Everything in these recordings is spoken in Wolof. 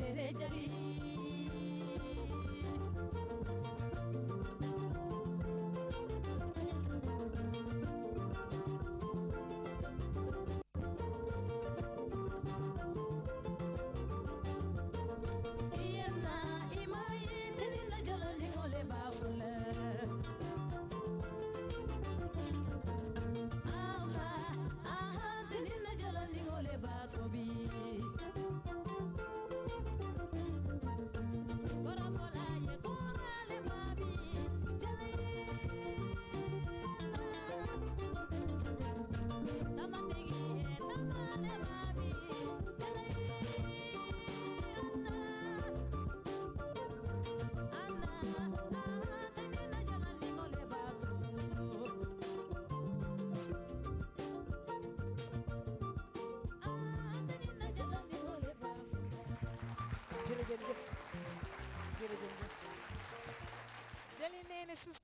I'm jërëjëf jëli nee na sus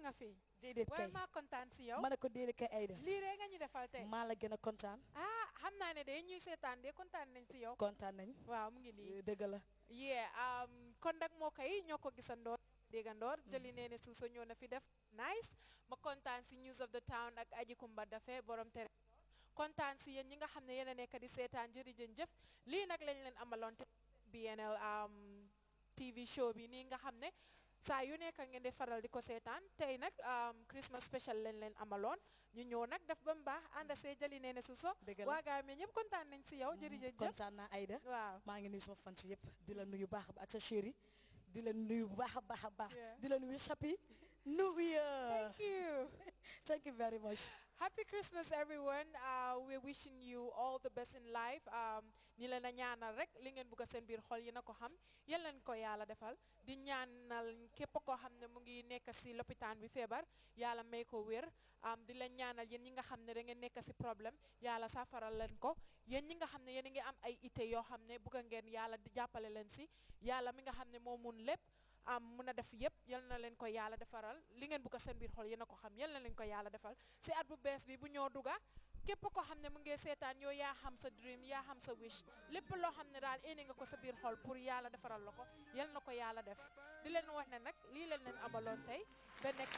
nga fi déedéet kay waaye maa kontaan si yow ma ne ko déedéet kay Aida lii rek nga ñu defal tey maa la gën a kontaan ah xam naa ne de ñuy seetaan de kontaan nañ si yow kontaan nañ waaw mu ngi nii eh, dëgg la yee um, kon nag moo koy ñoo ko gisandoor déggandoor mm. jëli nee na suuso ñëw na fi def nice ma kontaan si news of the town ak aji kumba dafe borom tere kontaan si yéen ñi nga xam ne yéen a nekk di seetaan jërëjëf jëf lii nag lañ leen amaloon te BNL um, TV show bi nii nga xam ne saa yu nekk ngeen di faral di ko seetaan tey nag um, Christmas special leen leen amaloon ñu ñëw nag daf ba mu baax ànd see jëli suso waa gaa mi ñëpp kontaan nañ si yow mm, jërëjëf kontaan naa Aida waaw maa ngi nuyu sama fan si yëpp di la nuyu baax ak sa chéri di la nuyu bu baax a di la nuyu happy new year thank you thank you very much happy Christmas everyone uh, we're wishing you all the best in life um, ñi leen a ñaanal rek li ngeen bugg seen biir xol yi na ko xam yal leen ko yàlla defal di ñaanal képp koo xam ne mu ngi nekk si loppitaan bi feebar yàlla may ko wér am di leen ñaanal yéen ñi nga xam ne da ngeen nekk si problème yàlla safaral leen ko yéen ñi nga xam ne yéen a ngi am ay ité yoo xam ne bugg ngeen yàlla jàppale leen si yàlla mi nga xam ne moo mun lépp am mun a def yëpp yal na leen ko yàlla defaral li ngeen bugg seen biir xol yéen a ko xam yal na leen ko yàlla defal si at bu bees bi bu ñoo duga képp ko xam ne mu ngi seetaan yow yaa xam sa dream yaa xam sa wish lépp loo xam ne daal éene nga ko sa biir xol pour yàlla defaral la ko yal na ko yàlla def di leen wax ne nag lii leen leen abaloon tey ba nekk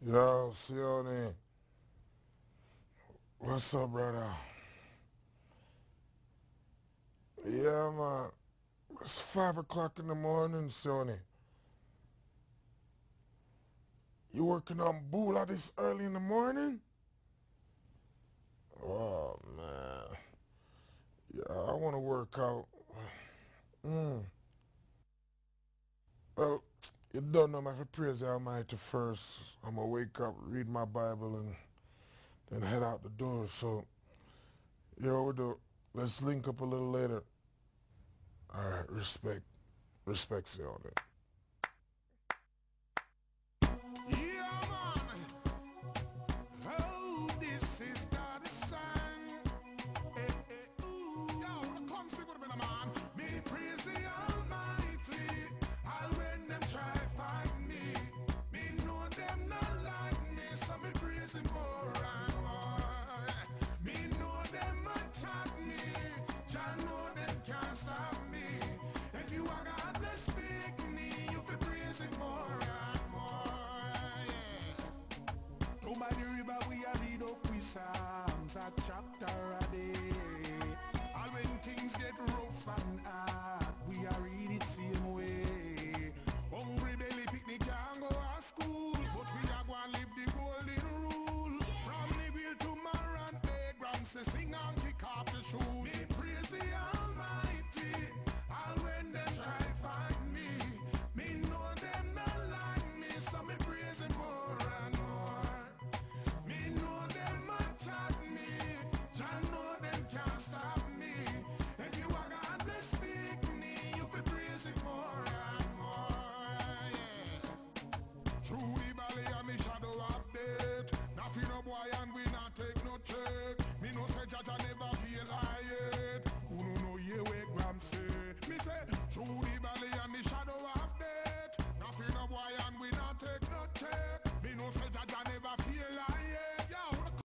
Yo, Sione. What's up, brother? Yeah, man. Uh, it's five o'clock in the morning, Sione. You working on Bula this early in the morning? Oh. workout. Mm. Well, you don't know, I'm going to praise the Almighty first. I'm going to wake up, read my Bible, and then head out the door. So, you know, do. let's link up a little later. All right, respect. Respect, Zelda. a chapter a day. All when things get rough and hard, we are in it same way. Hungry belly picnic can't go to school, but we are going live the golden rule. From the wheel to Marantagram, say sing and kick off the shoes.